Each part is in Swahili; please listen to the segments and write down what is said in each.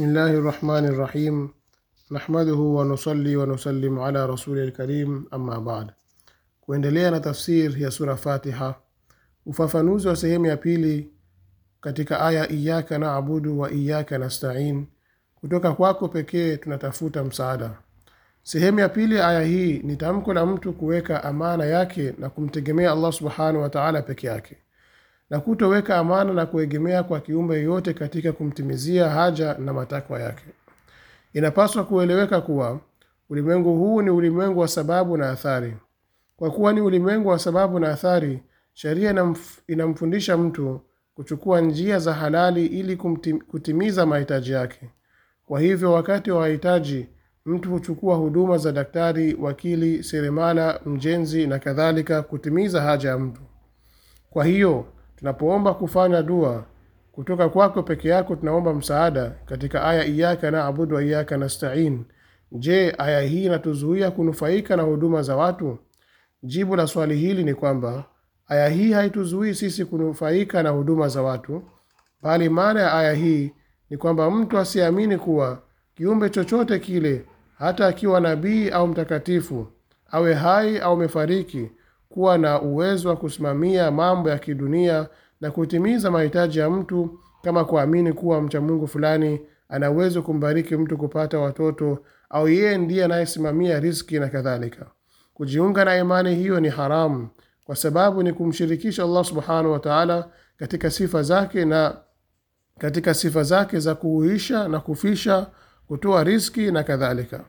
بسم الله الرحمن الرحيم نحمده ونصلي ونسلم على رسول الكريم bad بعد kuendelea na tafsir ya sura fatiha ufafanuzi wa sehemu ya pili katika aya iyaka nabudu wa iyaka nastain kutoka kwako pekee tunatafuta msaada sehemu ya pili ya aya hii ni tamko la mtu kuweka amana yake na kumtegemea allah subhanahu wataala peke yake na kutoweka amana na kuegemea kwa kiumbe yoyote katika kumtimizia haja na matakwa yake. Inapaswa kueleweka kuwa ulimwengu huu ni ulimwengu wa sababu na athari. Kwa kuwa ni ulimwengu wa sababu na athari, sheria inamfundisha mtu kuchukua njia za halali ili kutimiza mahitaji yake. Kwa hivyo, wakati wa wahitaji, mtu huchukua huduma za daktari, wakili, seremala, mjenzi na kadhalika kutimiza haja ya mtu. Kwa hiyo Tunapoomba kufanya dua kutoka kwako peke yako, tunaomba msaada katika aya iyaka naabudu wa iyaka nastain. Je, aya hii inatuzuia kunufaika na huduma za watu? Jibu la swali hili ni kwamba aya hii haituzuii sisi kunufaika na huduma za watu, bali maana ya aya hii ni kwamba mtu asiamini kuwa kiumbe chochote kile, hata akiwa nabii au mtakatifu, awe hai au amefariki, kuwa na uwezo wa kusimamia mambo ya kidunia na kutimiza mahitaji ya mtu kama kuamini kuwa mcha Mungu fulani ana uwezo kumbariki mtu kupata watoto au yeye ndiye anayesimamia riski na kadhalika. Kujiunga na imani hiyo ni haramu kwa sababu ni kumshirikisha Allah subhanahu wa taala katika sifa zake na katika sifa zake za kuhuisha na kufisha, kutoa riski na kadhalika.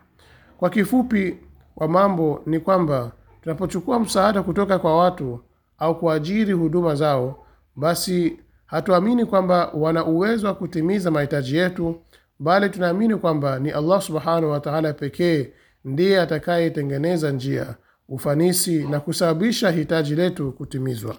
Kwa kifupi wa mambo ni kwamba Tunapochukua msaada kutoka kwa watu au kuajiri huduma zao, basi hatuamini kwamba wana uwezo wa kutimiza mahitaji yetu, bali tunaamini kwamba ni Allah subhanahu wa taala pekee ndiye atakayetengeneza njia, ufanisi na kusababisha hitaji letu kutimizwa.